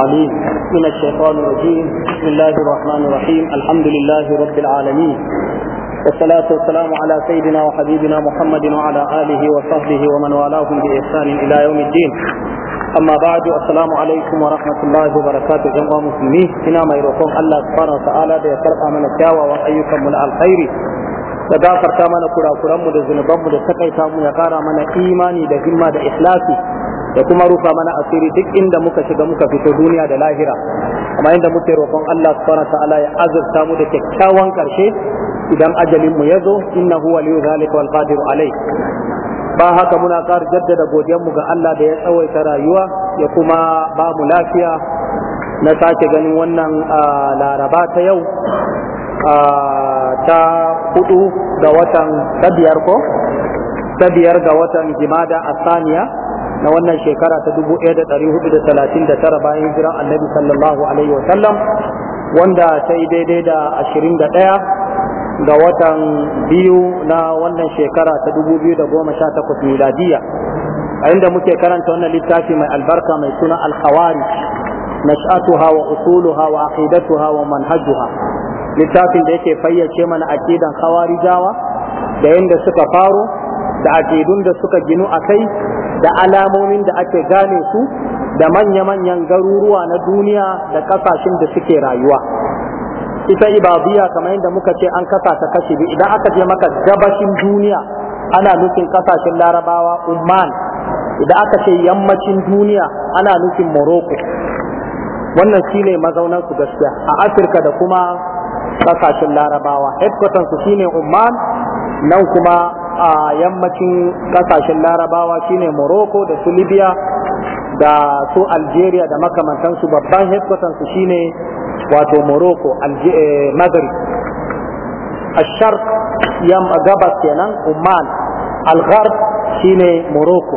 عليم من الشيطان الرجيم بسم الله الرحمن الرحيم الحمد لله رب العالمين والصلاة والسلام على سيدنا وحبيبنا محمد وعلى آله وصحبه ومن والاهم بإحسان إلى يوم الدين أما بعد السلام عليكم ورحمة الله وبركاته جمع مسلمين هنا ما يروكم الله سبحانه وتعالى بيسرق من الشاوى وأيكم من الخير da gafarta mana kurakuranmu da zunubanmu da takaita mu ya kara mana imani da himma da kuma rufa mana asiri duk inda muka shiga muka fito duniya da lahira amma inda muke roƙon Allah subhanahu ta'ala ya azurta mu da kyakkyawan karshe idan ajalin mu yazo innahu waliyyu zalika wal qadir alayh ba haka muna ƙara jaddada godiyanmu ga Allah da ya tsawaita rayuwa ya kuma ba mu lafiya na sake ganin wannan laraba ta yau ta hudu ga watan ta ko ta biyar ga watan jimada asaniya na wannan shekara ta 1439 bayan hijira annabi sallallahu alaihi wasallam wanda ta yi daidai da 21 ga watan biyu na wannan shekara ta 2018 miladiya a inda muke karanta wannan littafi mai albarka mai suna alkhawari nash'atuha wa usuluha wa aqidatuha wa manhajuha littafin da yake fayyace mana aqidan khawarijawa da yadda suka faro da aqidun da suka ginu akai da alamomin da ake gane su da manya-manyan garuruwa na duniya da kasashen da suke rayuwa ita ibadiyya kamar yadda muka ce an kasa ta kashe biyu idan aka je maka gabashin duniya ana nufin kasashen larabawa umman idan aka ce yammacin duniya ana nufin morocco wannan shine mazaunan su gaskiya a afirka da kuma kasashen larabawa headquarters su shine umman nan kuma a yammacin kasashen larabawa shine morocco da su libya da su algeria da makamantansu babban headquartersu shine wato morocco maghrib الشرق yamma gabas kenan umman الغرب shine morocco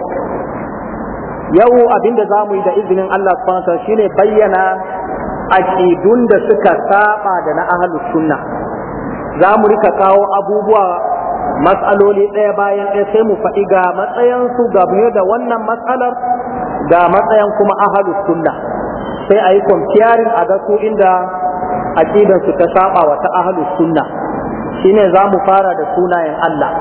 yau abinda za mu yi da izinin Allah subhanahu shine bayyana aƙidun da suka saba da na ahlus sunna za mu rika kawo abubuwa matsaloli ɗaya bayan ɗaya sai mu faɗi ga matsayansu game da wannan matsalar ga matsayan kuma ahalus sunna sai a yi kwamfiyarin a ga su inda aƙidansu ta saba wa ta ahalus sunna shine za mu fara da sunayen Allah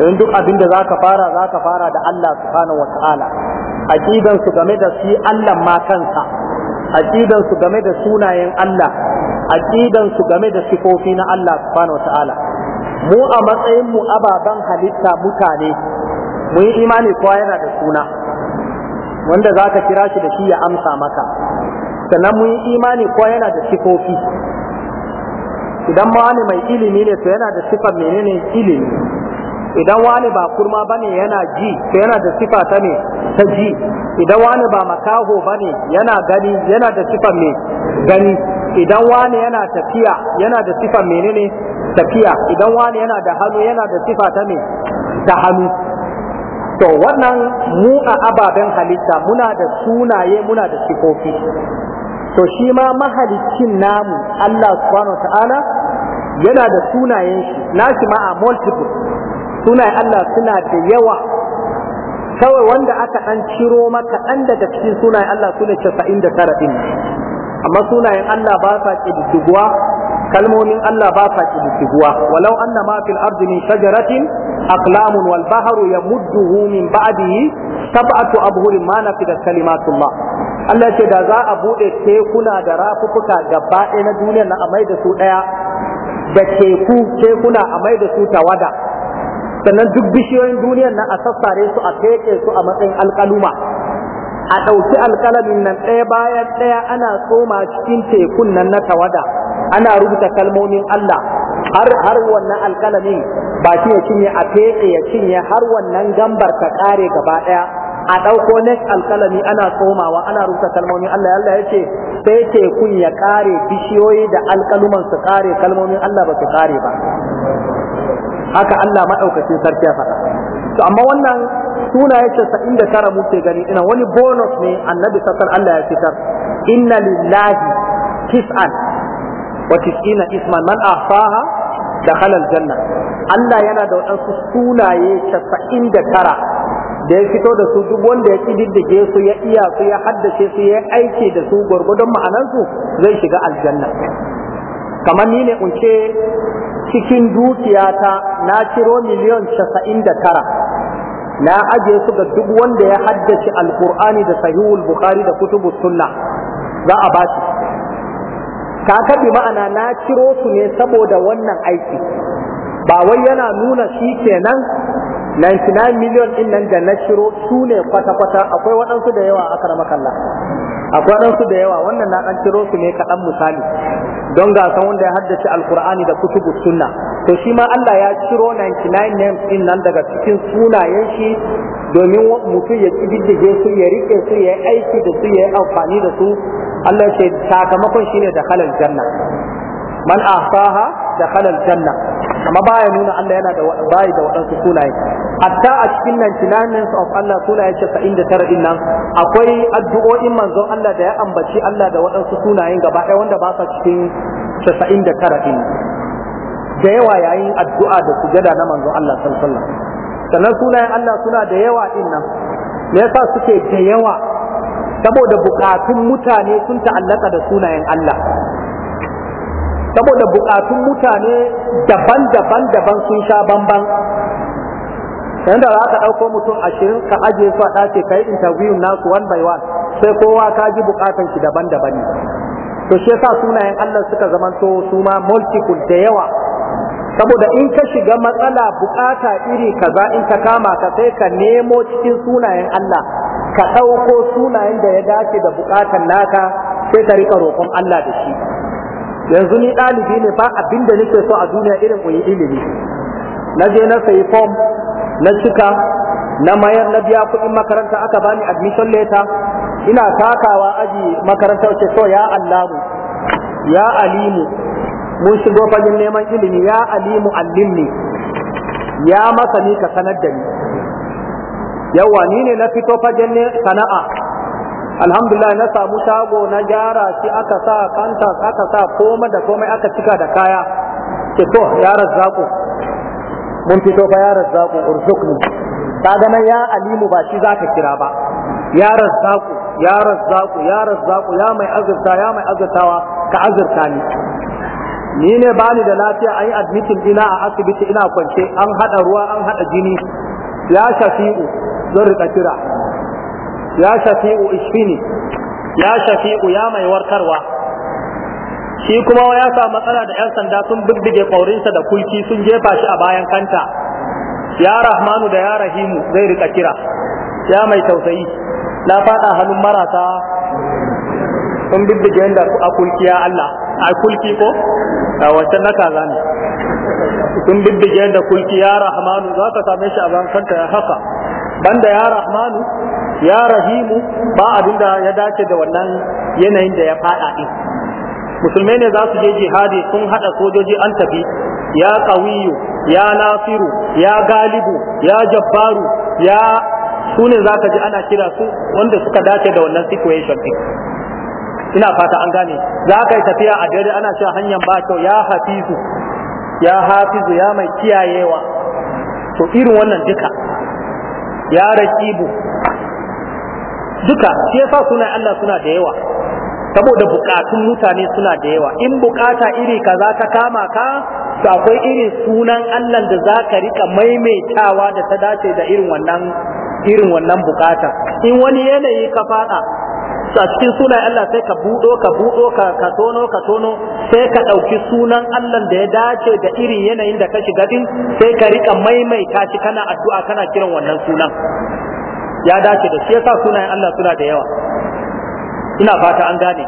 don duk abin da za ka fara za ka fara da Allah subhanahu wa ta'ala aƙidansu game da shi Allah ma kansa aƙidansu game da sunayen Allah aƙidansu game da sifofi na Allah subhanahu wa ta'ala mu a matsayin mu ababen halitta mutane mu yi imani ko yana da suna wanda za ka kira shi da shi ya amsa maka sannan mu yi imani ko yana da sifofi idan ma wani mai ilimi ne to yana da sifar menene ilimi idan wani ba kurma bane yana ji to yana da sifa ta ne ta ji idan wani ba makaho bane yana gani yana da sifar me gani idan wani yana tafiya yana da sifar menene tafiya idan wani yana da hannu yana da sifa ta me ta hannu to wannan mu a ababen halitta muna da sunaye muna da sifofi to shi ma mahalicin namu Allah subhanahu ta'ala yana da sunayen shi nashi ma a multiple sunayen Allah suna da yawa kawai wanda aka an ciro maka dan daga cikin sunayen Allah su ne 99 din amma sunayen Allah ba sa kididduguwa kalmomin Allah ba sa kididiguwa walau anna ma fil ardi min shajaratin aqlamun wal bahru yamudduhu min ba'dihi sab'atu abhurin ma nafidat kalimatullah Allah ce da za a bude tekuna da rafuffuka gaba ɗaya na duniyar na amai da su ɗaya da teku tekuna amai da su tawada sannan duk bishiyoyin duniyar nan a sassare su a feke su a matsayin alkaluma a ɗauki alkalamin nan ɗaya bayan ɗaya ana tsoma cikin tekun nan na tawada ana rubuta kalmomin Allah har har wannan ba shi ya cinye a fefe ya cinye har wannan gambar ka kare gaba ɗaya a ɗauko next alkalami ana tsomawa ana rubuta kalmomin Allah Allah ya ce sai tekun ya kare bishiyoyi da alkaluman su kare kalmomin Allah ba su kare ba haka Allah maɗaukacin sarki ya faɗa to amma wannan suna ce sa'in da tara muke gani ina wani bonus ne annabi sassan Allah ya fitar inna lillahi kisan. wa tis'ina isman man ahsaha dakhala aljanna Allah yana da waɗansu sunaye casa'in da tara da ya fito da su duk wanda ya kididdige su ya iya su ya haddace su ya aiki da su gwargwadon ma'anansu zai shiga aljanna kamar ni ne unce cikin dukiyata na ciro miliyon casa'in da tara na ajiye su ga duk wanda ya haddace alkur'ani da sahihul bukhari da kutubu sunna za a bashi Ka bi ma'ana na ciro su ne saboda wannan aiki ba wai yana nuna shi kenan 99 miliyon din nan da na shiro su ne kwata-kwata akwai waɗansu da yawa a kalla akwai waɗansu da yawa wannan na ɗan cirosu su ne kaɗan misali don ga wanda ya haddace alkur'ani da kutubu sunna to shi ma Allah ya ciro 99 names din nan daga cikin sunayen shi domin mutum ya kididdige su ya rike su ya aiki da su ya yi amfani da su Allah ya ce sakamakon shine da halal janna man ahsaha da kalal janna amma baya nuna Allah yana da bayi da waɗansu sunaye hatta a cikin nan tunanin of Allah sunaye ce sa'in da tara nan akwai addu'o'in manzon Allah da ya ambaci Allah da waɗansu sunayen gaba ɗaya wanda ba sa cikin casa'in da da yawa yayin addu'a da sujada na manzon Allah sallallahu alaihi wasallam sannan sunayen Allah suna da yawa din nan me yasa suke da yawa saboda bukatun mutane sun ta'allaka da sunayen Allah saboda bukatun mutane daban-daban daban sun sha bamban yadda za ka ɗauko mutum ashirin ka ajiye su a ɗace ka yi intabiyun nasu one by one sai kowa ka ji bukatan shi daban-daban ne to shi yasa sunayen Allah suka zamanto su ma multiple da yawa saboda in ka shiga matsala bukata iri kaza in ka kama ka sai ka nemo cikin sunayen Allah ka ɗauko sunayen da ya dace da bukatan naka sai ka rika roƙon Allah da shi yanzu ni ɗalibi ne ba abin da nake so a duniya irin koyi ilimi na je na sayi form na cika na mayar na biya kuɗin makaranta aka bani admission letter ina takawa aji makaranta ce so ya allamu ya alimu mun shigo fagen neman ilimi ya alimu allimni ya masani ka sanar da ni yawa ni ne na fito fagen sana'a alhamdulillah na samu shago na gyara shi aka sa kanta aka sa koma da komai aka cika da kaya ce to ya razzaku mun fito fa ya razzaku urzukni kaga nan ya alimu ba shi zaka kira ba ya razzaku ya razzaku ya razzaku ya mai azurta ya mai azurtawa ka azurta ni ni ne bani da lafiya an admitin ina a asibiti ina kwance an hada ruwa an hada jini ya shafi'u zan rika kira ya shafi'u ishini ya shafi'u ya mai warkarwa shi kuma ya samu matsala da ƴan sanda sun bubbuge kaurinsa da kulki sun jefa shi a bayan kanta ya rahmanu da ya rahimu zai rika kira ya mai tausayi na fada hannun marasa sun bubbuge yadda a kulki ya Allah a kulki ko a wancan na kaza ne sun bubbuge yadda kulki ya rahmanu za ka same shi a bayan kanta ya haka banda ya rahmanu ya rahimu ba abin da ya dace da wannan yanayin da ya fada din musulmai ne za su je jihadi sun haɗa sojoji an tafi ya qawiyu ya Nasiru, ya galibu ya jabbaru ya ne za ka ji ana kira su wanda suka dace da wannan situation din ina fata an gane za ka yi tafiya a dare ana cewa hanyar ba kyau ya hafizu ya hafizu ya mai kiyayewa to irin wannan duka ya rakibu duka shi yasa sunan Allah suna da yawa saboda bukatun mutane suna da yawa in bukata iri kaza ta kama ka to akwai irin sunan Allah da za ka rika maimaitawa da ta dace da irin wannan irin wannan bukata in wani yanayi ka fada a cikin sunan Allah sai ka buɗo ka buɗo ka ka tono ka tono sai ka ɗauki sunan Allah da ya dace da irin yanayin da ka shiga din sai ka rika maimaita shi kana addu'a kana kiran wannan sunan ya dace da shi yasa sunayen Allah suna da yawa ina fata an gane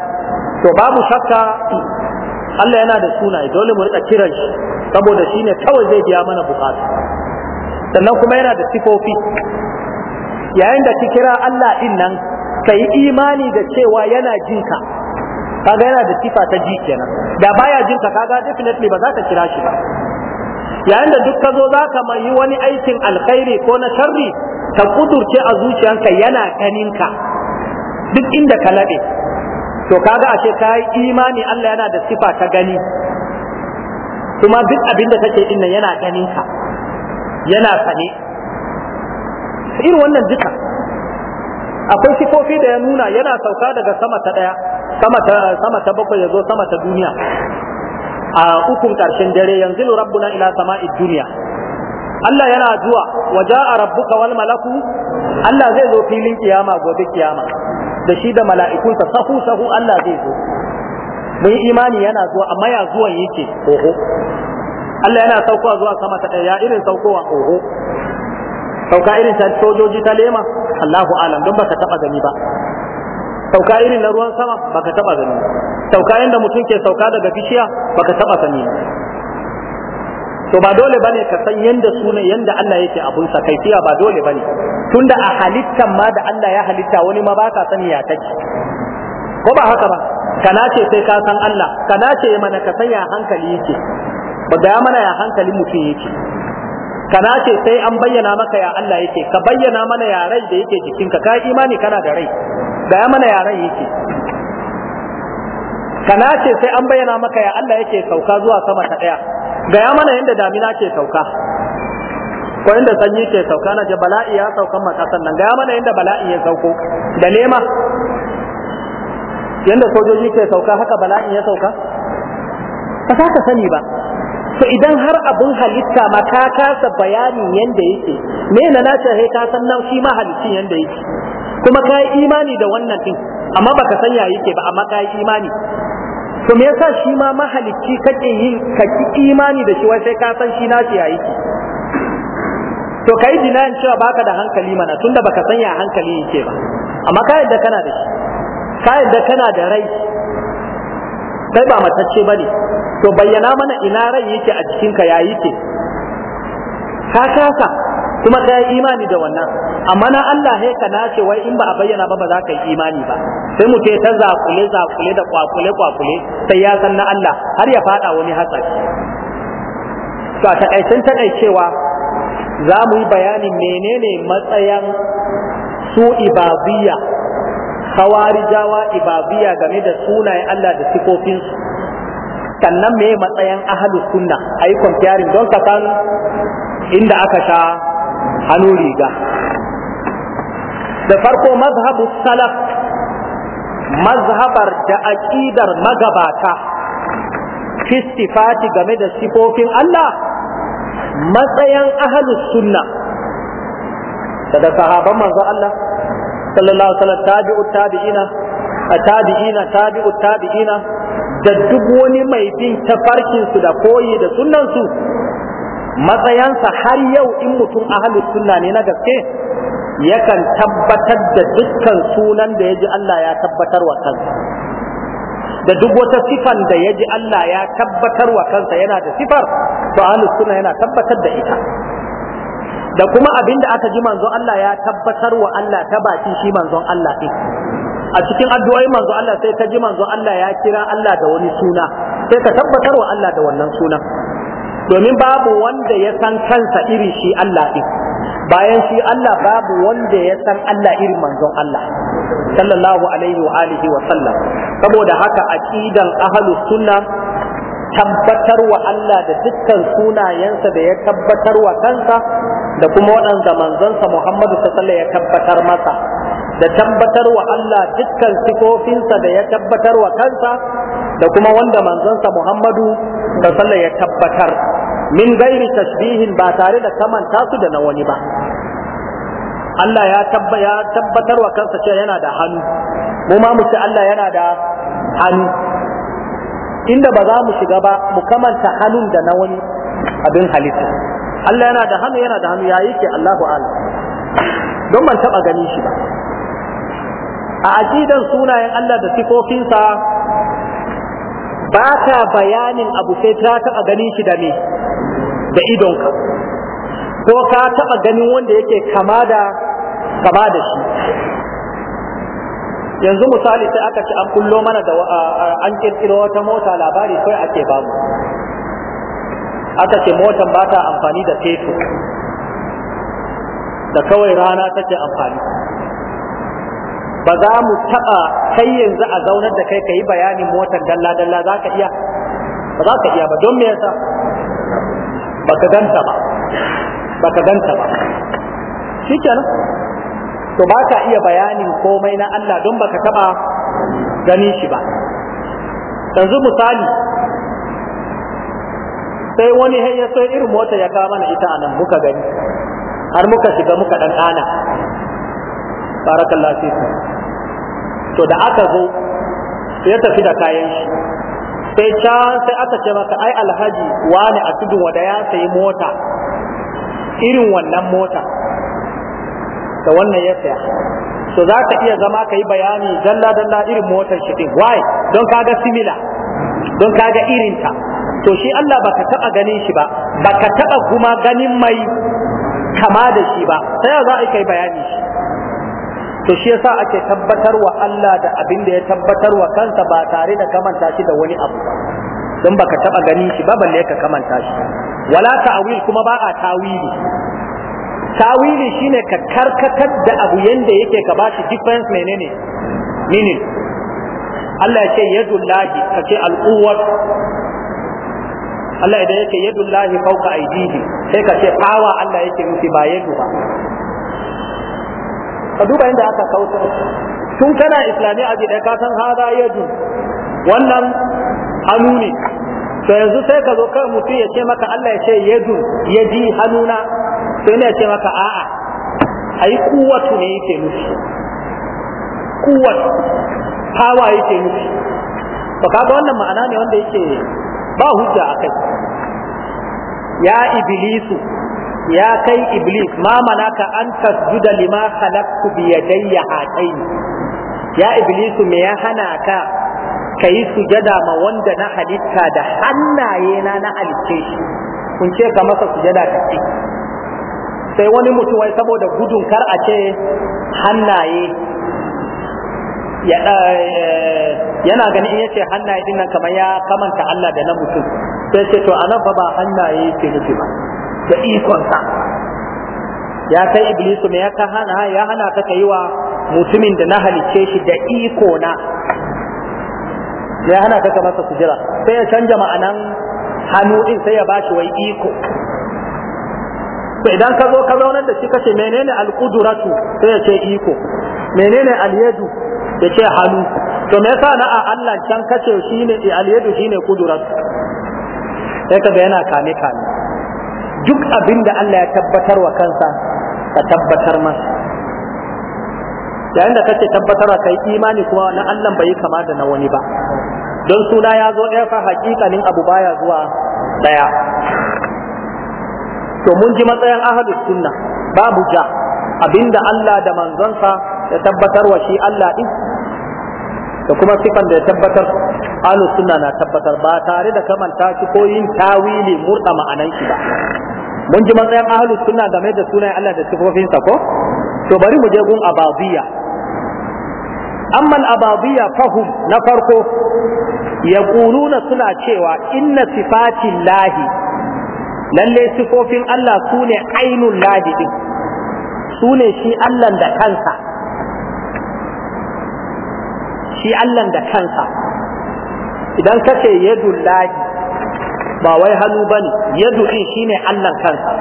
to babu shakka Allah yana da sunaye dole mu rika kiran shi saboda shi ne kawai zai biya mana bukatu sannan kuma yana da sifofi yayin da ki kira Allah din nan kai imani da cewa yana jinka kaga yana da sifa ta ji kenan da baya jinka kaga definitely ba za ka kira shi ba yayin da duk ka zo za ka yi wani aikin alkhairi ko na sharri ka kudurce a zuciyanka yana ganinka duk inda ka laɓe to kaga ashe ka yi imani Allah yana da sifa ta gani kuma duk abin da kake dinnan yana ganinka yana sane irin wannan duka akwai sifofi da ya nuna yana sauka daga sama ta ɗaya sama ta sama ta bakwai ya zo sama ta duniya a ukun ƙarshen dare yanzu rabbuna ila sama'id duniya Allah yana zuwa waja a rabbuka wal malaku Allah zai zo filin kiyama gobe kiyama da shi da mala'ikunsa sahu sahu Allah zai zo mun imani yana zuwa amma ya zuwa yake oho Allah yana saukowa zuwa sama ta ya irin saukowa oho sauka irin ta sojoji ta lema Allahu alam don baka taba gani ba sauka irin na ruwan sama baka taba gani sauka inda mutum ke sauka daga bishiya baka taba gani to ba dole bane ka san yanda sunan yanda Allah yake abun sa kai ba dole bane tunda a halittan ma da Allah ya halitta wani ma ba ka sani ya take ko ba haka ba kana ce sai ka san Allah kana ce mana ka san ya hankali yake ba da mana ya hankali mutum yake kana ce sai an bayyana maka ya Allah yake ka bayyana mana ya rai da yake jikinka ka imani kana da rai ga mana ya rai yake kana ce sai an bayyana maka ya Allah yake sauka zuwa sama ta daya gaya mana yadda damina ke sauka ko yadda sanyi ke sauka na je bala'i ya saukan makasan nan gaya mana yadda bala'i ya sauko da nema yadda sojoji ke sauka haka bala'i ya sauka ba za ka sani ba to idan har abun halitta ma ka kasa bayanin yadda yake me na ce he ka san nan shi ma halittin yadda yake kuma ka yi imani da wannan din amma baka san ya yake ba amma ka yi imani to me yasa shi ma mahalicci kake yin ka imani da shi wai sai ka san shi na nashi yayi to kai in cewa baka da hankali mana tunda baka san ya hankali yake ba amma ka yadda kana da shi ka yadda kana da rai kai ba matacce bane to bayyana mana ina rai yake a cikin ka yayi ke ka kasa kuma ka yi imani da wannan amma na Allah he ka nace wai in ba a bayyana ba ba za ka yi imani ba sai mu ce ta zakule zakule da kwakule kwakule sai ya san na Allah har ya fada wani hatsari to a takaicen takaicewa za mu yi bayanin menene matsayin su ibadiyya kawarijawa ibadiyya game da sunayen Allah da sifofinsu sannan me matsayin ahlus sunna ayi comparing don ka san inda aka sha hannu riga da farko mazhabu salaf mazhabar da aƙidar magabata fistifati game da sifofin Allah matsayin ahalus sunna daga sahaban manzo Allah sallallahu alaihi wasallam tabi'ina tabi'ina tabi'u tabi'ina da duk wani mai bin tafarkin su da koyi da sunnan su matsayansa har yau in mutum ahalu sunna ne na gaske yakan tabbatar da dukkan sunan da ya ji Allah ya tabbatar wa kansa da duk wata sifan da ya ji Allah ya tabbatar wa kansa yana da sifar to ahalu sunna yana tabbatar da ita da kuma abin da aka ji manzon Allah ya tabbatar wa Allah ta baki shi manzon Allah ɗin a cikin addu'o'i manzo Allah sai ka ji manzo Allah ya kira Allah da wani suna sai ka tabbatar wa Allah da wannan sunan domin babu wanda ya san kansa iri shi Allah ɗin bayan shi Allah babu wanda ya san Allah irin manzon Allah sallallahu alaihi wa alihi wa sallam saboda haka aqidan ahlu sunna tabbatar wa Allah da dukkan sunayensa da ya tabbatar wa kansa da kuma waɗanda manzansa Muhammadu sallallahu ya tabbatar masa da tabbatar wa Allah dukkan sifofinsa da ya tabbatar wa kansa da kuma wanda manzansa Muhammadu sallallahu ya tabbatar min gairi tasbihin ba tare da kamanta su da na wani ba Allah ya tabbatar wa kansa cewa yana da hannu mu ma mu ce Allah yana da hannu inda ba za mu shiga ba mu kamanta hannun da na wani abin halitta Allah yana da hannu yana da hannu ya yi ke Allahu ala don ban taba gani shi ba a aqidan sunayen Allah da sifofinsa ba ta bayanin abu sai ta taba gani shi da me da idonka ko ka taɓa ganin wanda yake kama da kama da shi yanzu misali sai aka ce an kullo mana da an kirkiro wata mota labari kai ake bamu aka ce motan ba ta amfani da fetur da kawai rana take amfani ba za mu taɓa kai yanzu a zaunar da kai ka yi bayanin motar dalla-dalla za ka iya ba za ka iya ba don me yasa baka ganta ba baka ganta ba shikenan to ba ka iya bayanin komai na Allah don baka taba gani shi ba yanzu misali sai wani hanya sai irin mota ya kawo mana ita anan muka gani har muka shiga muka dan ana barakallahu fiku to da aka zo ya tafi da kayan shi sai can sai aka ce maka ai alhaji wani a tudun wada ya sayi mota irin wannan mota da wannan ya saya to za ka iya zama ka yi bayani dalla dalla irin motar shi din why don kaga simila don kaga irinta to shi Allah baka taba ganin shi ba baka taba kuma ganin mai kama da shi ba sai za a kai bayani shi to shi yasa ake tabbatar wa Allah da abin da ya tabbatar wa kansa ba tare da kamanta shi da wani abu ba don baka taba ganin shi ba balle ka kamanta shi wala ta'wil kuma ba a tawili tawili shine ka karkatar da abu yanda yake ka bashi difference menene meaning Allah ya ce yadullahi ka ce al'uwar Allah idan yake yadullahi fauka aidihi sai ka ce awa Allah yake nufi ba yadu ba ka duba inda aka kauta tun kana islami a gida ka san hada yadu wannan hannu ne to yanzu sai ka zo kan mutum ya ce maka Allah ya ce yadu yadi hannuna sai ne ya ce maka a'a ai kuwatu ne yake nufi kuwatu hawa yake nufi to kaga wannan ma'ana ne wanda yake ba hujja akai ya Ibilisu. ya kai iblis ma manaka an tasjuda lima khalaqtu bi yadayya hatayn ya iblis me ya hana ka kai sujada ma wanda na halitta da hannaye na na alke shi kun ce ka masa sujada ka ce sai wani mutum wai saboda gudun kar a ce hannaye eh, yana ganin in yace hannaye dinnan nan kamar ya kamanta Allah da na mutum sai ce to anan fa ba hannaye ke nufi ba da ikonsa ya kai iblisu me ya ka hana ya hana ta kai wa mutumin da na halice shi da iko na ya hana ka masa sujira sai ya canja ma'anan hannu din sai ya bashi wai iko to idan ka zo ka zaunar da shi kace menene alqudratu sai ya ce iko menene alyadu ya ce hannu to me yasa na a Allah can kace shine alyadu shine qudratu sai kaga yana kame kame duk abin da Allah ya tabbatar wa kansa ka tabbatar masa yayin da kake wa kai imani kuma na Allah bai kama da na wani ba don suna ya zo ɗaya fa hakikanin abu baya zuwa ɗaya to mun ji matsayin Ahadu sunna babu ja abinda Allah da manzonsa ya tabbatarwa shi Allah din da kuma sifan da ya tabbatar ahlus sunna na tabbatar ba tare da kamanta shi ko yin tawili murda ma'anan shi ba mun ji matsayin suna suna game da sunayen Allah da sifofinsa ko to bari mu je gun ababiya amma ababiya fahu fahum na farko ya kununa suna cewa inna lahi. lalle sifofin Allah sune ainun lahi din sune shi Allah da kansa shi Allah da kansa idan kace yadul ba wai hannu bane yadu shi ne Allah kansa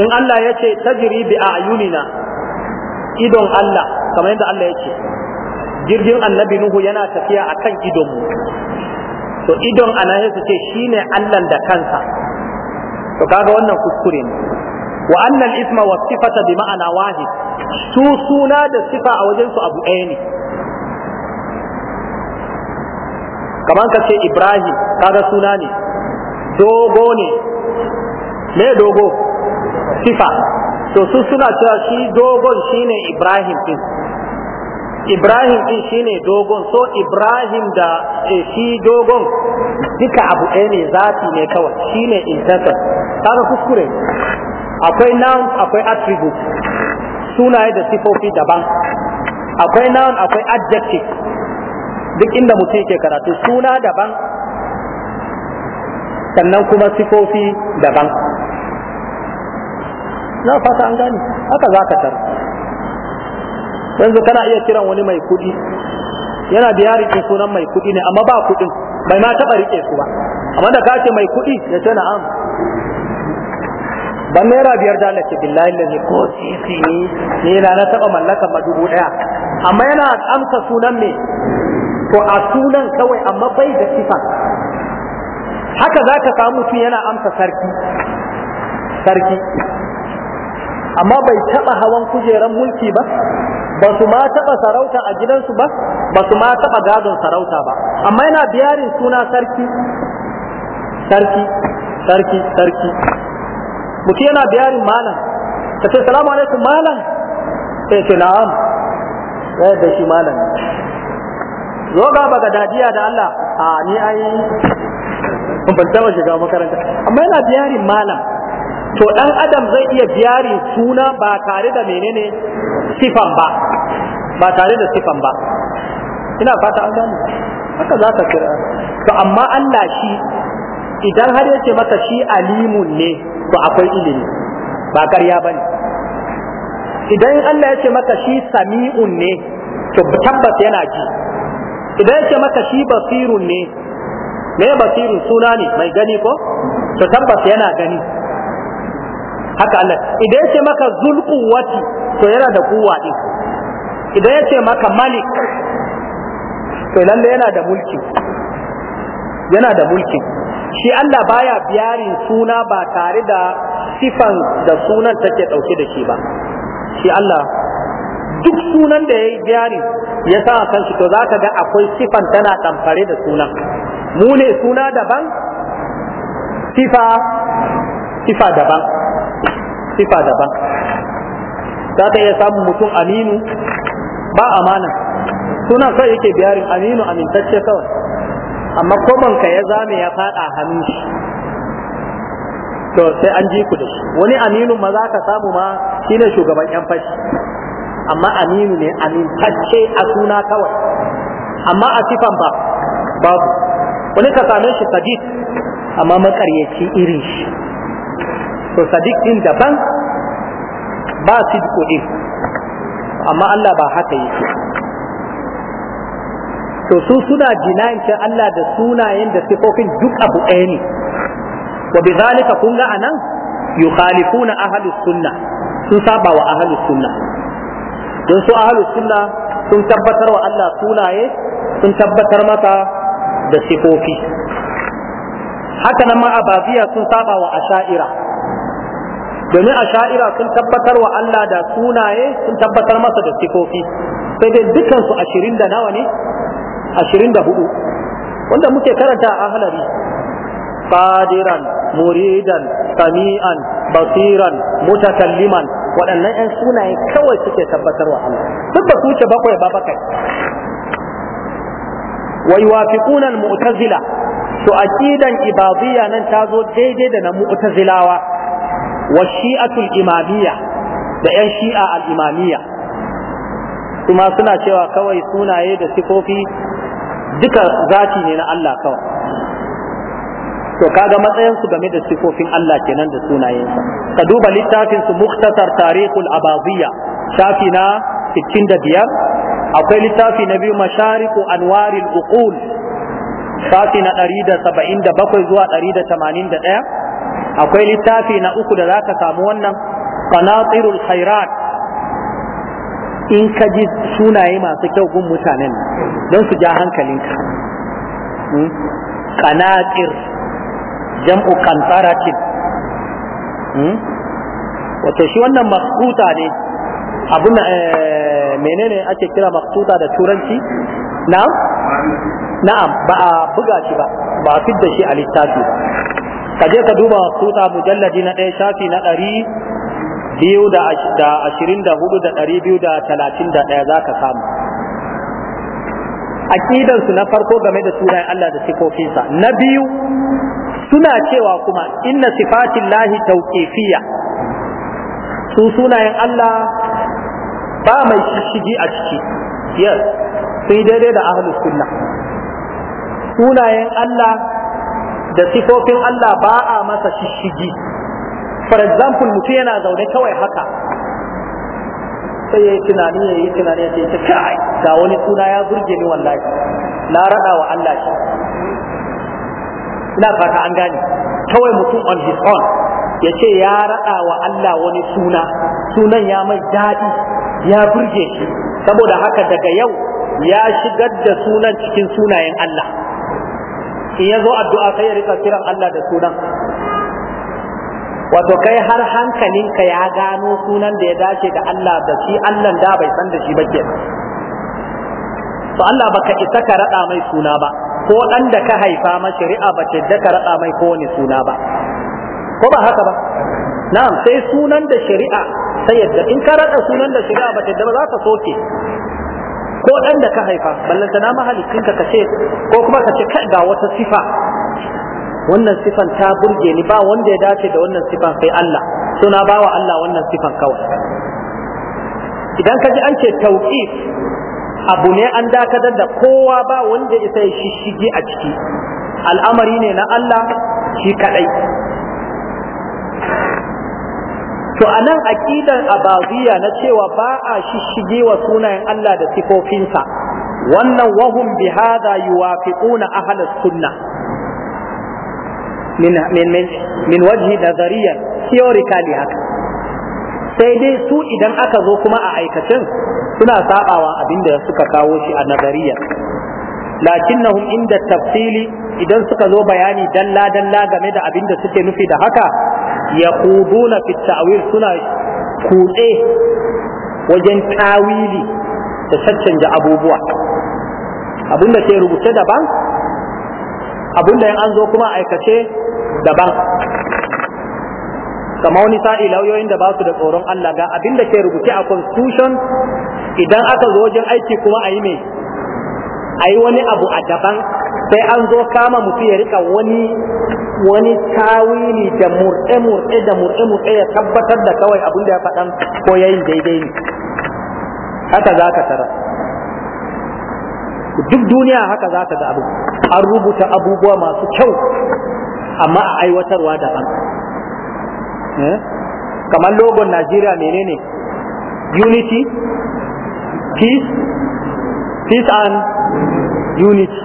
in Allah ya ce tajri bi ayunina idon Allah kamar yadda Allah ya ce jirgin annabi Nuhu yana tafiya akan kan mu to idon ana ya ce ne Allah da kansa to kaga wannan kuskure ne wa annal isma wa sifata bi ma'ana wahid su suna da sifa a wajensu abu ɗaya ne kamar ka ce ibrahim kaga suna ne dogo ne me dogo sifa to su suna cewa shi dogon shine ibrahim din ibrahim din shine dogon so ibrahim da eh, shi dogon duka abu ɗaya ne zafi ne kawai shine intention kaga kuskure akwai noun akwai attribute sunaye da sifofi daban akwai noun akwai adjective duk inda mutum ke karatu suna daban sannan kuma sifofi daban na fata an gani haka za ka tar yanzu kana iya kiran wani mai kudi yana da yari ke sunan mai kudi ne amma ba kudin bai ma taɓa rike su ba amma da kace mai kudi ya ce na'am ban naira biyar da Allah ce billahi lalle ko sisi ne na na taɓa mallaka ma dubu ɗaya amma yana amsa sunan me to a sunan kawai amma bai da sifa haka za ka samu tun yana amsa sarki sarki amma bai taɓa hawan kujeran mulki ba ba su ma taɓa sarauta a gidansu ba ba su ma taɓa gadon sarauta ba amma yana biyarin suna sarki sarki sarki sarki mutum yana biyarin malam ka ce salamu alaikum malam sai ce na'am da shi malam zo ga baka dadiya da Allah a ni ai ban taba shiga makaranta amma yana biyarin malam to dan adam zai iya biyarin suna ba tare da menene sifan ba ba tare da sifan ba ina fata an gani. haka za ka kira to amma Allah shi idan har yace maka shi alimun ne to akwai ilimi ba ƙarya bane idan Allah yace maka shi sami'un ne to tabbas yana ji idan yake maka shi basirun ne me basirun suna ne mai gani ko to tabbas yana gani haka Allah idan yake maka quwwati to yana da kuwa din idan yake maka malik to lalle yana da mulki yana da mulki shi Allah baya biyarin suna ba tare da sifan da sunan take dauke da shi ba shi Allah duk sunan da ya yi jari ya sa kan to za ka ga akwai sifan tana tamfare da sunan mu ne suna daban sifa sifa daban sifa daban za ka iya samun mutum aminu ba amana suna kai yake biyarin aminu amintacce kawai amma komanka ya zame ya fada hannun shi to sai an ji ku da shi wani aminu ma za ka samu ma shine shugaban yan fashi amma aminu ne amintacce a suna kawai amma a sifan ba babu wani ka same shi sadiq amma makaryaci irin shi to sadiq din daban ba sidko din amma Allah ba haka yake to su suna jinayin ce Allah da sunayen da sifofin duk abu ɗaya ne wa bi zalika kun ga anan yukhalifuna ahlus sunna sun saba wa ahlus sunna don su ahalu sunna sun tabbatar wa Allah sunaye sun tabbatar masa da sifofi haka nan ma ababiya sun saba wa asha'ira domin asha'ira sun tabbatar wa Allah da sunaye sun tabbatar masa da sifofi sai dai dukansu ashirin da nawa ne ashirin da hudu wanda muke karanta a halari Fadiran, muridan sami'an basiran mutakalliman waɗannan 'yan sunaye kawai suke wa Allah duk ba su bakwai ba bakai Wai yuwafiquna al-mu'tazila to aqidan ibadiyya nan ta zo daidai da na mu'tazilawa wa shi'atul imamiyya da 'yan shi'a al-imamiyya kuma suna cewa kawai sunaye da sifofi duka zati ne na Allah kawai to kaga matsayin game da sifofin Allah kenan da sunayensa ka duba littafin su muktasar tarihul abaziyya shafi na 65 akwai littafi na biyu mashariqu anwaril uqul shafi na 177 zuwa 181 akwai littafi na uku da zaka samu wannan qanatirul khairat in ka ji sunaye masu kyau gun mutanen don su ja hankalinka hmm? qanatir jam'u kantaratin hmm? wato shi wannan maksuta ne abin eh, menene ake kira maksuta da turanci na'am na'am ba a buga shi ba ba a fidda shi a littafi ba ka je ka duba maksuta mujalladi na ɗaya shafi na ɗari biyu da ashirin da hudu da ɗari biyu da talatin da ɗaya za ka samu aƙidansu na farko game da sunayen Allah da sifofinsa na biyu suna cewa kuma inna sifatin lahi tauƙefiya su sunayen Allah ba mai shishigi a ciki yes sai daidai da ahlus sunna sunayen Allah da sifofin Allah ba a masa shishigi for example mutum yana zaune kawai haka sai ya yi tunani ya yi tunani ya ce kai ga wani suna ya burge ni wallahi na raɗa wa Allah shi ina fata an gane kawai mutum on his own ya ce ya raɗa wa Allah wani suna sunan ya mai daɗi ya burge shi saboda haka daga yau ya shigar da sunan cikin sunayen Allah in ya zo addu'a sai ya rika kiran Allah da sunan wato kai har hankalinka ya gano sunan da ya dace da Allah da shi Allah da bai san da shi ba kenan to Allah baka isa ka rada mai suna ba ko dan da ka haifa ma shari'a ba ce da ka rada mai ko wani suna ba ko ba haka ba na'am sai sunan da shari'a sai yadda in ka rada sunan da shari'a ba ce da ba za ka soke ko dan da ka haifa ballanta na mahalicin ka kace ko kuma kace kai ga wata sifa wannan sifan ta burge ni ba wanda ya dace da wannan sifan sai Allah suna bawa Allah wannan sifan kawai idan ka ji an ce tauqif abu ne an dakatar da kowa ba wanda isa ya shishige a ciki al'amari ne na Allah shi kadai to a nan aƙidar abaziya na cewa ba a shishige wa sunayen Allah da sifofinsa wannan wahum bi hadha yuwafiquna ahla sunna min min min wajhi nazariyan theoretically haka sai dai su idan aka zo kuma a aikacin suna sabawa abin da suka kawo shi a nazariya lakinnahum inda tafsili idan suka zo bayani dalla dalla game da abin da suke nufi da haka yaquduna fi ta'wil suna kutse wajen tawili da caccanja abubuwa abin da ke rubuce daban abin da an zo kuma aikace daban kamar wani sa'i lauyoyin da ba su da tsoron Allah ga abin da ke rubuce a constitution idan aka zo wajen aiki kuma a yi me a yi wani abu a daban sai an zo kama mutu ya rika wani wani tawili da murɗe-murɗe da murɗe-murɗe ya tabbatar da kawai abin da ya faɗan ko ya yi daidai ne haka za ka tara duk duniya haka za ka ga abu an rubuta abubuwa masu kyau amma a aiwatarwa daban Hmm? kamar logon najeriya menene unity peace peace and unity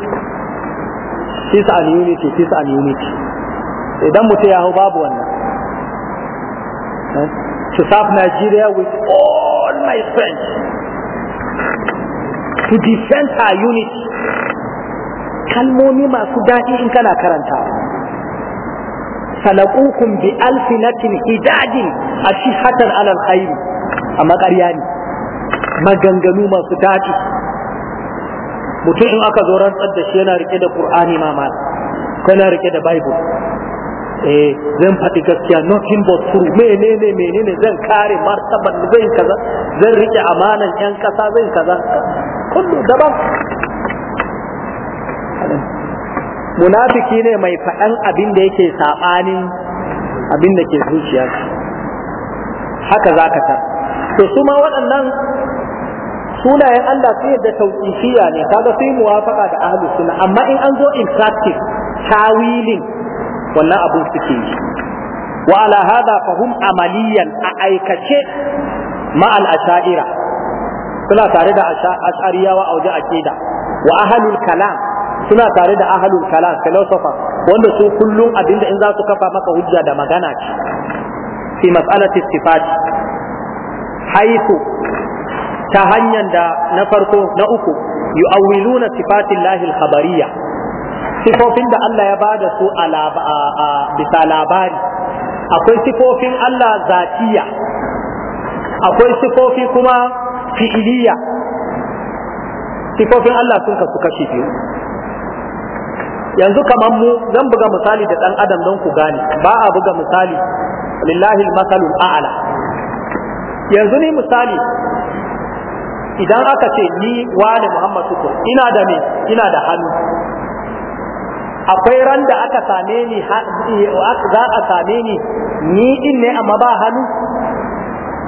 peace and unity peace and unity idan mutum ya hau babu wannan hmm? to serve nigeria with all my strength to defend her unity kalmomi masu daɗi in kana karanta خلقوكم بألسنة حداد أشحة على الخير أما قرياني ما جنجنوا ما ستاتي mutum in aka zo rantsar da shi yana rike da Qur'ani ma yana da eh zan faɗi gaskiya nothing but true menene menene zan kare martaban zan kaza zan rike amanan yan kasa zan kaza kullu daban munafiki ne mai faɗan abin da yake saɓanin abin da ke zuciyar haka za ka ta. to su ma waɗannan sunayen Allah su yadda tauƙifiya ne kaga su yi muwafaka da ahlus suna, amma in an zo in practice tawilin wannan abin suke yi wa ala hada fahum amaliyan a aikace ma al asha'ira suna tare da ash'ariyawa a waje akida wa ahlul kalam suna tare da ahalul kalam philosopher wanda su kullum abinda in za su kafa maka hujja da magana ce fi mas'alati sifat haifu ta hanyar da na farko na uku yu'awwiluna sifatillahi al-khabariyya sifofin da Allah ya bada su a bisa labari akwai sifofin Allah zatiya akwai sifofi kuma fi'iliya sifofin Allah sun kasu kashi biyu yanzu kamar mu zan buga misali da ɗan adam don ku gane ba a buga misali lillahi masalul a'la yanzu ni misali idan aka ce ni wani Muhammad Tukur ina da me ina da hannu akwai ran da aka same ni za a same ni ni din ne amma ba hannu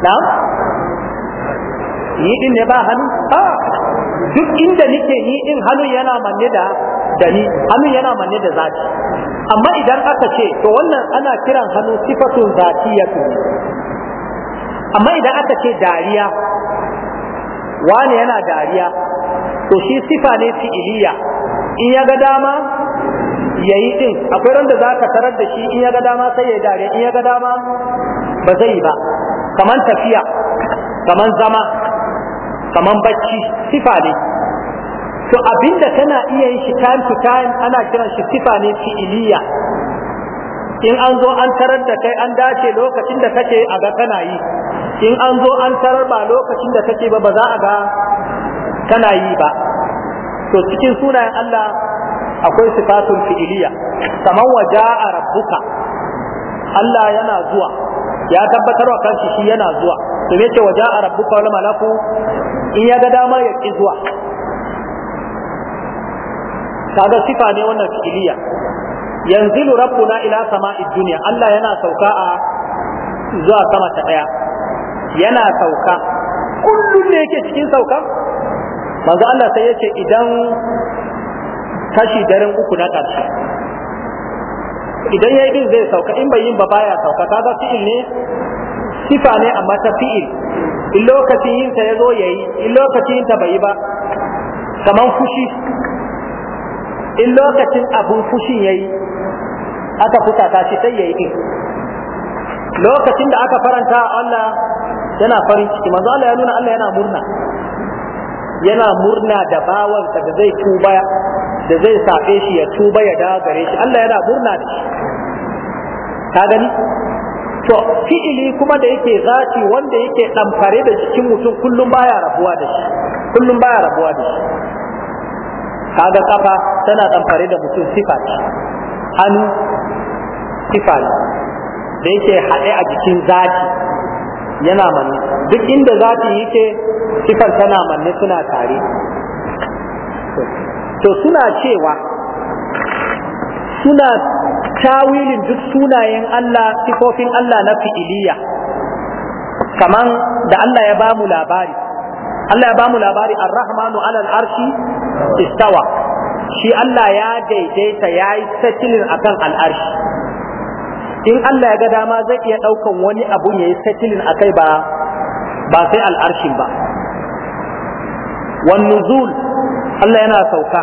na ni din ne ba hannu a ah! duk inda nike ni din hannu yana manne da da ni yana manne da zati amma idan aka ce to wannan ana kiran hannu sifatun zatiyatu amma idan aka ce dariya wani yana dariya to shi sifa ne fi'iliya in ya ga dama yayi ɗin, akwai wanda zaka tarar da shi in ya ga dama sai ya dariya in ya ga dama ba zai yi ba kaman tafiya kaman zama kaman bacci sifa ne to abinda kana iya yin shi time to time ana kiran shi sifa ne fi'iliya in an zo an tarar da kai an dace lokacin da kake a ga kana yi in an zo an tarar ba lokacin da kake ba ba za a ga kana yi ba to cikin sunayen Allah akwai sifatun fi'iliya kamar waja a rabbuka Allah yana zuwa ya tabbatar wa kanshi shi yana zuwa to me ce waja a rabbuka wala malaku in ya ga dama ya ki zuwa kaga sifa ne wannan fi'iliya yanzilu rabbuna ila sama'id dunya Allah yana sauka a zuwa sama ta daya yana sauka kullum ne yake cikin sauka manzo Allah sai yace idan tashi daren uku na karshe idan yayi din zai sauka in bai yin ba baya sauka kaga fi'il ne sifa ne amma ta fi'il in lokacin yin ta yazo yayi in lokacin yin ta bai ba kaman fushi in lokacin abun fushin yayi aka fusata shi sai yayi din lokacin da aka faranta Allah yana farin ciki manzo Allah ya nuna Allah yana murna yana murna da bawansa da zai tuba da zai safe shi ya tuba ya dawo gare shi Allah yana murna da shi ka gani to fi'ili kuma da yake zaci wanda yake damfare da jikin mutum kullum baya rabuwa da shi kullum baya rabuwa da shi kaga kafa tana damfare da mutum sifa ce hannu sifa ne da yake haɗe a jikin zaki yana manne duk inda zaki yake sifar tana manne suna tare to suna cewa suna tawilin duk sunayen Allah sifofin Allah na fi'iliya kaman da Allah ya bamu labari Allah ya bamu labari ar-rahmanu alal arshi istawa shi Allah ya daidaita ya yi settling akan al'arshi in Allah ya ga dama zai iya ɗaukan wani abu ya yi settling akai ba ba sai al'arshin ba wan nuzul Allah yana sauka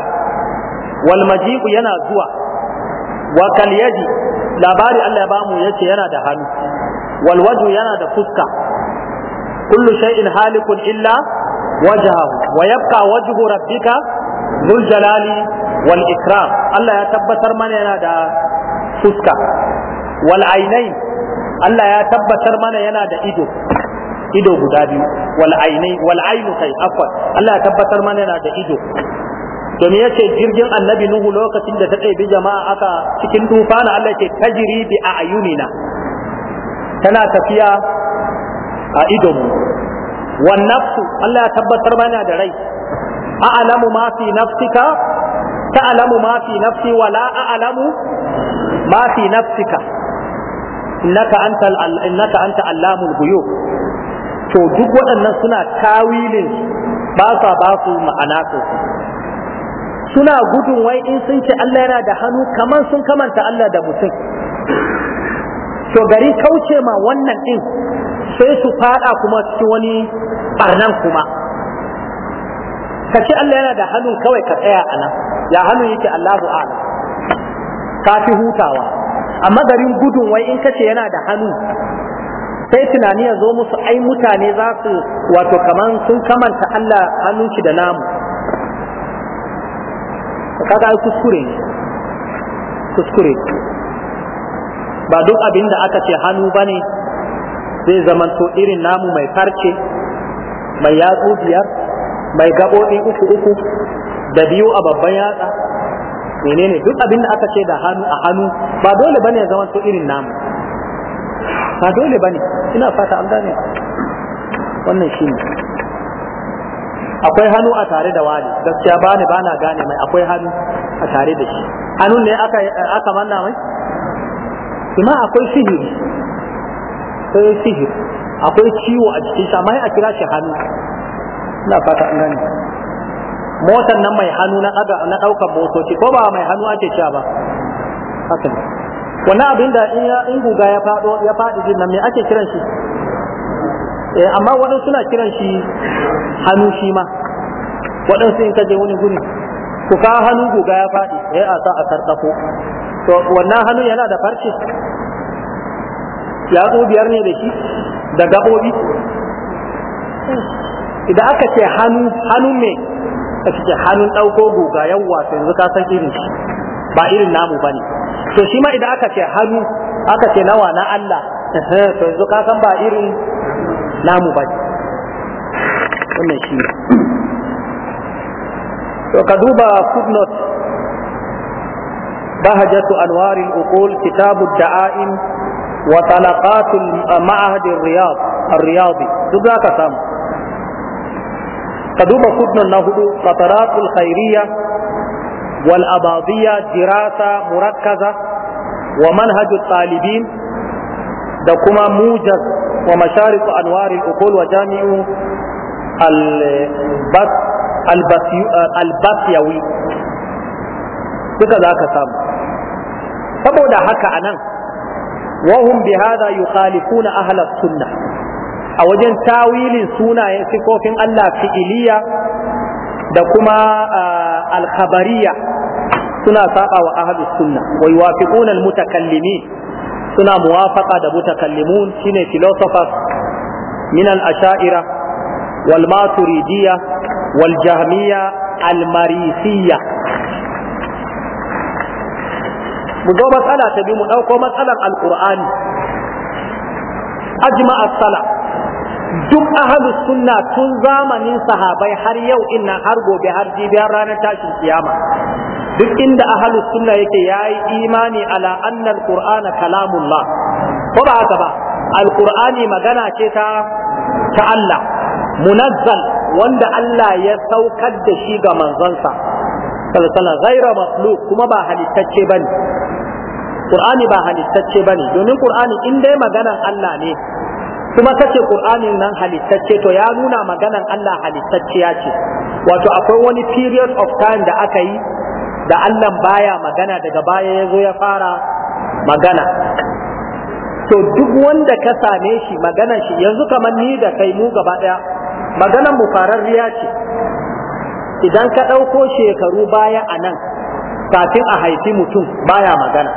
wal maji'u yana zuwa wa kal labari Allah ya bamu yace yana da hannu walwaju yana da fuska kullu shay'in halikun illa wajhahu wa yabqa wajhu rabbika zul jalali wal ikram Allah ya tabbatar mana yana da fuska wal ainai Allah ya tabbatar mana yana da ido ido guda biyu wal ainai wal ainu kai afwan Allah ya tabbatar mana yana da ido to me yace jirgin annabi nuhu lokacin da ta ɗebi jama'a aka cikin tufana Allah yake tajri bi ayunina tana tafiya a idonmu wan nafsu Allah ya tabbatar mana da rai a'lamu ma fi nafsika ta'lamu ma fi nafsi wa la a'lamu ma fi nafsika innaka anta innaka anta allamul ghuyub to duk waɗannan suna tawilin ba sa ba su ma'ana suna gudun wai in sun ce Allah yana da hannu kamar sun kamanta Allah da mutum to gari kauce ma wannan din sai su fada kuma cikin wani barnan kuma ka ce Allah yana da hannun kawai ka tsaya a nan ya hannun yake Allahu a'lam ka fi hutawa amma garin gudun wai in kace yana da hannu sai tunani ya zo musu ai mutane za su wato kaman sun kamanta Allah hannun da namu ka ga kuskure kuskure ba duk abin da aka ce hannu bane zai zamanto irin namu mai farce mai yatsu biyar mai gaɓoɓi uku uku da biyu a babban yatsa menene duk abin da aka ce da hannu a hannu ba dole bane ya zama to irin namu ba dole bane ina fata an gane wannan shine akwai hannu a tare da wani gaskiya bani bana gane mai akwai hannu a tare da shi hannu ne aka aka manna mai kuma akwai sihiri akwai sihiri akwai ciwo a cikin shi amma a kira shi hannu ina fata an gani. motar nan mai hannu na na ɗaukar motoci ko ba mai hannu ake cewa ba haka ne wannan abin da in guga ya faɗo ya faɗi din nan me ake kiran shi eh amma waɗansu suna kiran shi hannu shi ma waɗansu in ka je wani guri ku ka hannu guga ya faɗi eh a sa a sarƙafo to wannan hannu yana da farce yatsu biyar ne da shi da gaɓoɓi idan aka ce hannu hannu me aka ce hannun ɗauko guga yawwa to yanzu ka san irin shi ba irin namu bane to shi ma idan aka ce hannu aka ce nawa na Allah to yanzu ka san ba irin namu bane wannan shi to ka duba footnote بهجة أنوار الأقول كتاب الدعائم وطلقات معهد الرياض الرياضي ka samu. فدوب كتن النهض قطرات الخيرية والأباضية دراسة مركزة ومنهج الطالبين دكما موجز ومشارف أنوار الأقول وجامع البث البثيوي كذا كتاب فبعد حكى أنا وهم بهذا يخالفون أهل السنة a wajen tawilin sunayen sifofin Allah fi'iliya da kuma alkhabariya suna saba wa ahlus sunna wa yuwafiquna almutakallimin suna muwafaqa da mutakallimun shine philosophers min al-asha'ira wal maturidiyya wal jahmiyya al marisiyya mu ga matsala ta bi mu dauko matsalan alqur'ani ajma'a as duk ahalus sunna tun zamanin sahabai har yau ina har gobe har jibiyar ranar tashin kiyama duk inda ahalus sunna yake yayi imani ala annal qur'ana kalamullah ko ba haka ba alqur'ani magana ce ta ta Allah munazzal wanda Allah ya saukar da shi ga manzansa sallallahu ghaira makhluq kuma ba halittacce bane qur'ani ba halittacce bane domin qur'ani in dai maganar Allah ne kuma kace qur'anin nan halittacce to ya nuna maganan Allah halittacciya ce wato akwai wani period of time da aka yi da Allah baya magana daga baya ya zo ya fara magana to duk wanda ka same shi maganan shi yanzu kamar ni da kai mu gaba daya maganan mu fararriya ce idan ka ɗauko shekaru baya a nan kafin a haifi mutum baya magana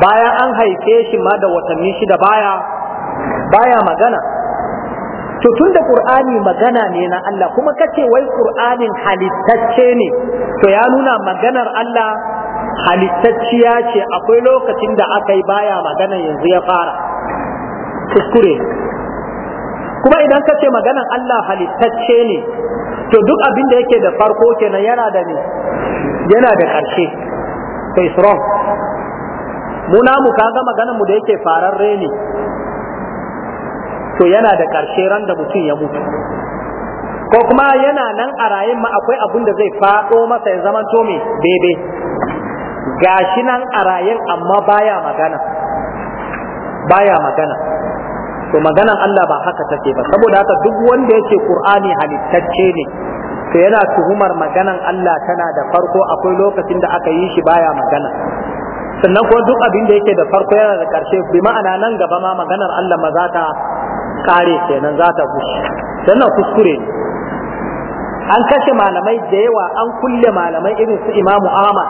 bayan an haife shi ma da watanni shida baya baya magana to tun da qur'ani magana ne na Allah kuma kace wai qur'anin halittacce ne to ya nuna maganar Allah halittacciya ce akwai lokacin da aka yi baya magana yanzu ya fara kuskure kuma idan kace maganar Allah halittacce ne to duk abin da yake da farko kenan yana da ne yana da ƙarshe to is wrong mu namu kaga maganar mu da yake fararre ne to yana da ƙarshe ran da mutum ya mutu ko kuma yana nan a rayin ma akwai abun da zai faɗo masa ya zama to me daidai gashi nan a rayin amma baya magana baya magana to maganan Allah ba haka take ba saboda haka duk wanda yake Qur'ani halittacce ne to yana tuhumar maganan Allah tana da farko akwai lokacin da aka yi shi baya magana sannan kuma duk abin da yake da farko yana da ƙarshe bi ma'ana nan gaba ma maganar Allah ma ta kare kenan za ta fushi sannan kuskure ne an kashe malamai da yawa an kulle malamai irin su imamu ahmad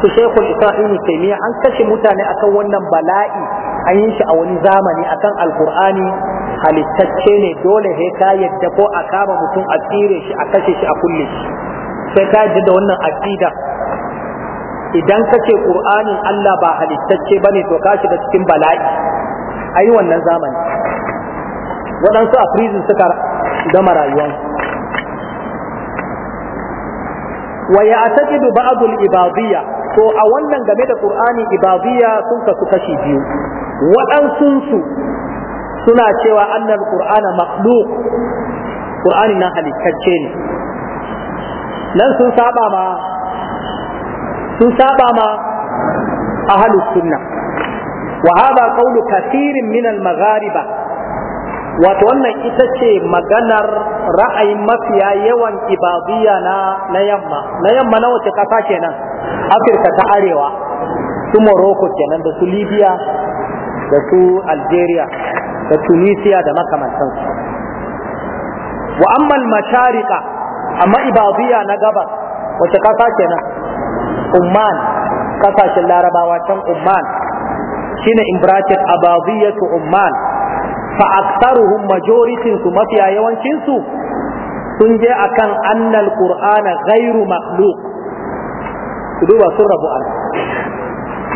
su shekul isa ibn taymiya an kashe mutane akan wannan bala'i an yi shi a wani zamani akan alqur'ani halittacce ne dole sai ka yadda ko a kama mutum a tsire shi a kashe shi a kulle shi sai ka yadda da wannan aqida idan ka ce qur'anin Allah ba halittacce bane to ka shiga cikin bala'i ai wannan zamani waɗansu a prison suka gama rayuwan. wa ya taqidu ba'd al-ibadiyya to a wannan game da qur'ani ibadiyya sun kasu kashi biyu waɗansu su suna cewa annal qur'ana makhluq qur'ani na halittacce ne nan sun saba ma sun saba ma ahlus sunna wa hada qawlu kathirin min magariba. wato wannan ita ce maganar ra'ayin mafiya yawan ibadiyya na na yamma na yamma na wace kasa kenan afirka ta arewa su morocco kenan da su libya da su algeria da tunisia da makamantansu wa amma masharika amma ibadiyya na gabas wace kasa kenan umman kasashen larabawa can umman shine in bracket abadiyatu umman fa aktaruhum majority su mafiya yawancin su sun je akan annal qur'ana ghairu makhluq su duba sun rabu an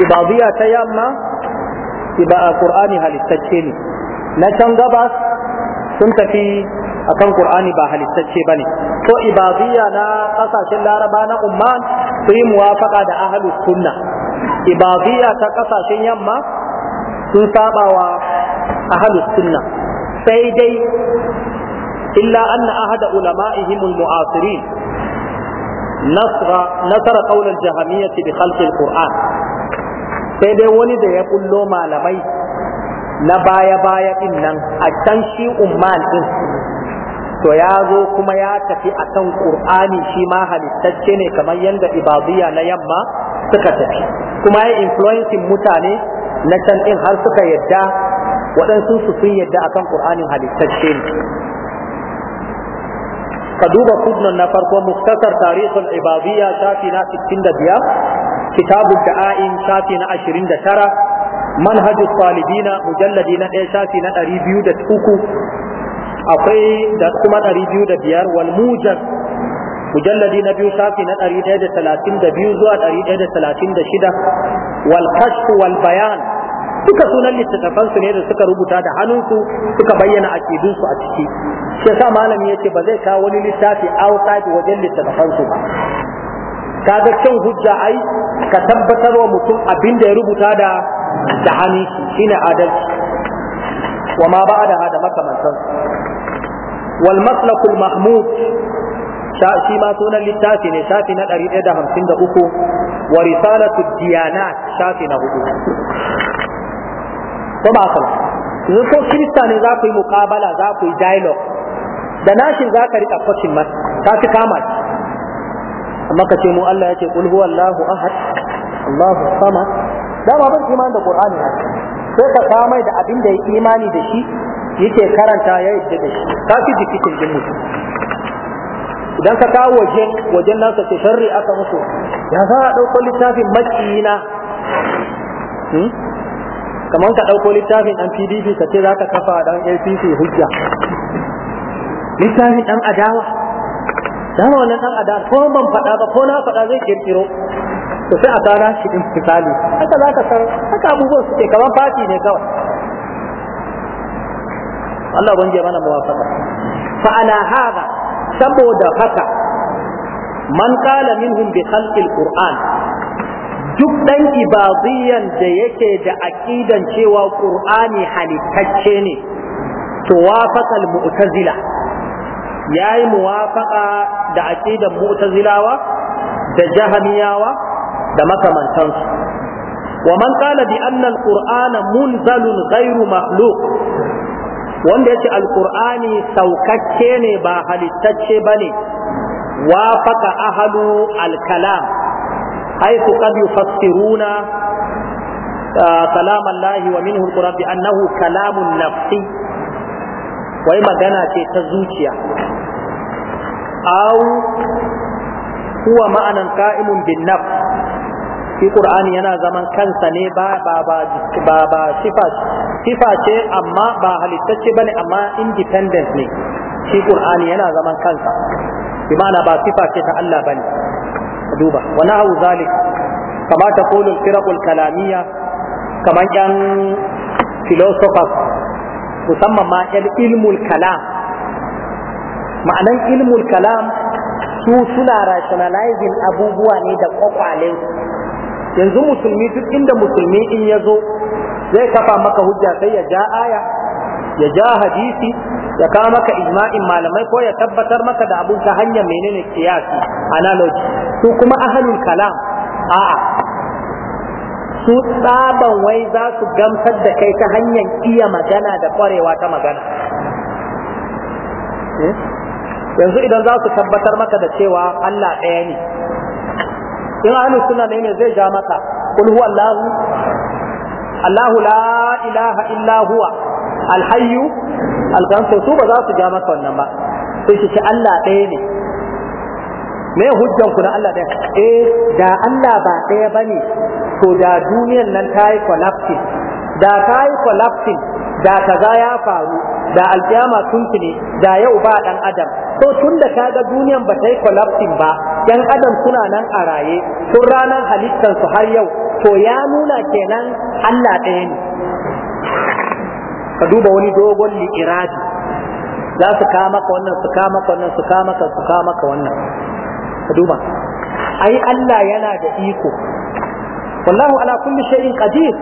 ibadiyya ta yamma ba qur'ani halittacce ne na can gabas sun tafi akan qur'ani ba halittacce bane to ibadiyya na kasashen laraba na umman su yi muwafaqa da ahlus sunna ibadiyya ta kasashen yamma sun saba wa ahlus sunna sai dai illa anna ahada ulama'ihim al-mu'asirin nasara qawl al-jahmiyyah bi khalq al-qur'an sai dai wani da ya bullo malamai na baya-baya din nan a can shi umman din to ya zo kuma ya tafi a kan ƙur'ani shi ma halittacce ne kamar yadda ibadiyya na yamma suka tafi kuma ya influencing mutane na can ɗin har suka yadda waɗansu su sun yadda akan ƙuranin halittacce ne ka duba kudnan na farko muktasar tarihul ibadiyya shafi na 65 kitabul da'ain shafi na 29 منهج na مجلدين شافي نا 203 akwai da kuma 205 wal mujalladi na biyu shafi na 132 zuwa 136 wal kashf wal bayan duka sunan littattafansu ne da suka rubuta da hannunsu suka bayyana akidunsu a ciki shi yasa malami yace ba zai kawo wani littafi outside wajen littattafansu ba kaga kyan hujja ai ka tabbatar wa mutum abin da ya rubuta da da hannunsu shine adalci wa ma ba'da hada makamantan wal maslakul mahmud shi ma sunan littafi ne shafi na uku, wa risalatu diyanat shafi na hudu ko ba haka yanzu ko kirista ne za ku yi muƙabala za ku yi dialog, da nashin za ka riƙa kwacin masa ka fi kama shi amma ka ce mu Allah ya ce kul allahu ahad Allahu samad dama ban iman da Qur'ani sai ka kama da abin da ya imani da shi yake karanta ya yadda da shi ka fi jikitin din mutum idan ka kawo waje wajen nan ka ce sharri aka musu ya za a ɗauko littafin maciyina hmm? kamar ka ɗauko littafin ɗan pdp ka ce za ka kafa ɗan apc hujja littafin ɗan adawa dama wannan ɗan adawa ko ban faɗa ba ko na faɗa zai kirkiro to sai a tara shi ɗin misali haka za ka san haka abubuwan suke kamar fati ne kawai Allah ban mana muwafaka fa ala hada saboda haka man kala minhum bi khalqil qur'an duk ɗan ibadiyan da yake da aƙidan cewa ƙur'ani halittacce ne to wafaƙal mu'tazila ya yi muwafaƙa da aƙidan mu'tazilawa da jahamiyawa da makamantansu wa man qala bi anna al-qur'ana munzalun ghayru makhluq wanda yace al-qur'ani saukacce ne ba halittacce bane wafaqa ahlu al-kalam حيث قد يفسرون كلام الله ومنه القرآن بأنه كلام نفسي وإما جنا تزوجيا أو هو معنى قائم بالنفس في القرآن ينا زمن كان سني با با با با با صفة صفة شيء أما با هل تشبه أما independent ne shi Qur'ani yana zaman kansa bi ma'ana ba sifa ce ta Allah bane duba wa nahu zalik kama ta kalamiyya kaman yan filosofas musamman ma yan ilmul kalam ma'anan ilmul kalam su suna rationalizing abubuwa ne da kwakwalen yanzu musulmi duk inda musulmi in ya zo zai kafa maka hujja sai ya ja aya ya ja hadisi ya kawo maka ijma'in malamai ko ya tabbatar maka da abun ta hanyar menene kiyasi analogy su kuma ahalul kalam a'a su tsaban wai za su gamsar da kai ta hanyar iya magana da kwarewa ta magana eh? yanzu idan za su tabbatar maka da cewa Allah ɗaya ne in ahlus suna ne zai ja maka kul huwa Allah Allahu la ilaha illa huwa al-hayyu su ba za su ja maka wannan ba sai shi Allah ɗaya ne me hujjan ku na Allah ɗaya eh da Allah ba ɗaya bane to da duniyar nan ta yi collapsing da ta yi collapsing da kaza ya faru da alkiyama sun ne da yau ba ɗan adam to tun da ga duniyan ba ta yi collapsing ba ƴan adam suna nan a raye tun ranar halittar har yau to ya nuna kenan Allah ɗaya ne ka duba wani dogon li'iradi za su kama ka wannan su kama ka wannan su kama ka wannan ka duba ai Allah yana da iko wallahu ala kulli shay'in qadir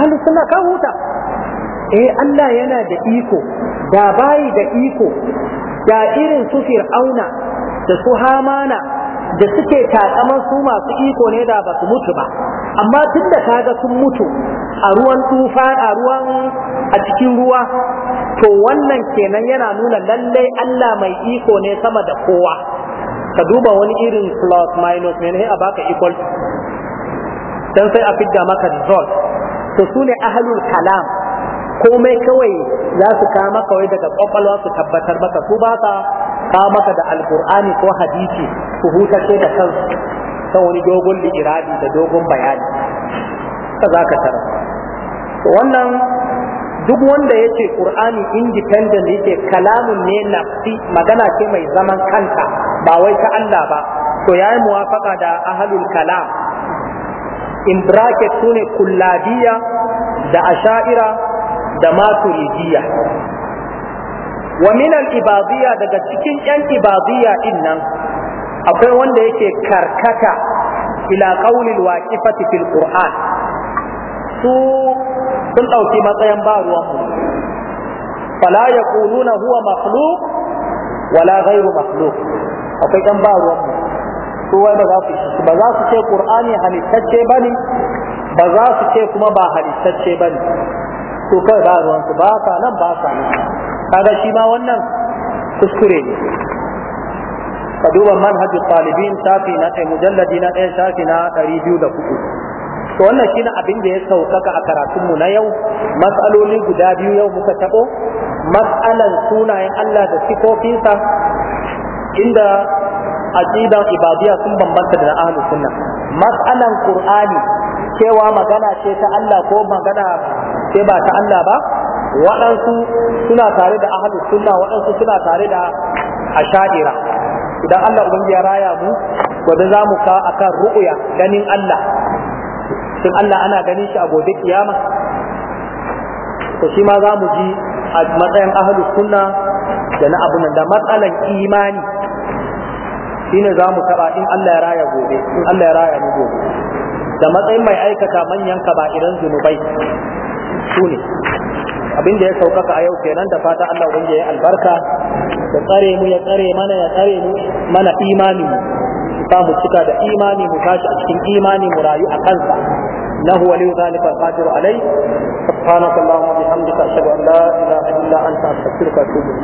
hal sunna ka huta eh Allah yana da iko da bayi da iko da irin su fir'auna da su hamana da suke takaman su masu iko ne da ba su mutu ba amma tunda da kaga sun mutu a ruwan tufa a ruwan a cikin ruwa to wannan kenan yana nuna lallai Allah mai iko ne sama da kowa ka duba wani irin plus minus ne a baka equal dan sai a fidda maka result to su ne ahlul kalam komai kawai za su kawo maka wai daga kwakwalwa su tabbatar maka su ba ka kawo maka da alkur'ani ko hadisi su hutace da kansu ta wani dogon li'iradi da dogon bayani ka za ka tara wannan duk wanda ya ce ƙur'ani independent yake kalamun ne nafsi magana ce mai zaman kanta ba wai ta Allah ba to ya yi muwafaka da ahalul kalam in bracket su ne kullabiya da asha'ira da maturidiya wa minal ibadiyya daga cikin 'yan ibadiyya din nan akwai wanda yake karkata ila qaulil waqifati fil qur'an su sun ɗauki matsayin ba ruwan fala ya kuluna huwa makhluk wala gairu makhluk akwai ɗan ba ruwan mu su wanda za su shi ba za su ce qur'ani halittacce bane ba za su ce kuma ba halittacce bane su kai ba ruwan su ba sa nan ba sa nan kaga shi ma wannan kuskure ne ka duba manhajul talibin shafi na ɗaya mujalladi na ɗaya shafi na ɗari biyu da kuɗi to wannan shine abin da ya saukaka a mu na yau matsaloli guda biyu yau muka taɓo matsalan sunayen Allah da sifofinsa inda aqidan ibadiyya sun bambanta da ahlus sunna matsalan qur'ani cewa magana ce ta Allah ko magana ce ba ta Allah ba waɗansu suna tare da ahlus sunna waɗansu suna tare da ashadira idan Allah ubangiji ya raya mu gobe za mu ka akan ru'uya ganin Allah shin Allah ana ganin shi a gobe kiyama to shi ma za mu ji a matsayin ahlu sunna da na abun da matsalan imani shine za mu taba in Allah ya raya gobe in Allah ya raya mu gobe da matsayin mai aikata manyan kaba'iran zunubai su ne abin da ya saukaka a yau kenan da fata Allah wanda ya albarka ya tsare mu ya tsare mana ya tsare mu mana imani. mu ba mu cika da imani mu tashi a cikin imani mu rayu a kansa na huwa liyu zalika alqadiru alai subhanallahi wa bihamdika ashhadu an la ilaha illa anta astaghfiruka wa atubu ilayk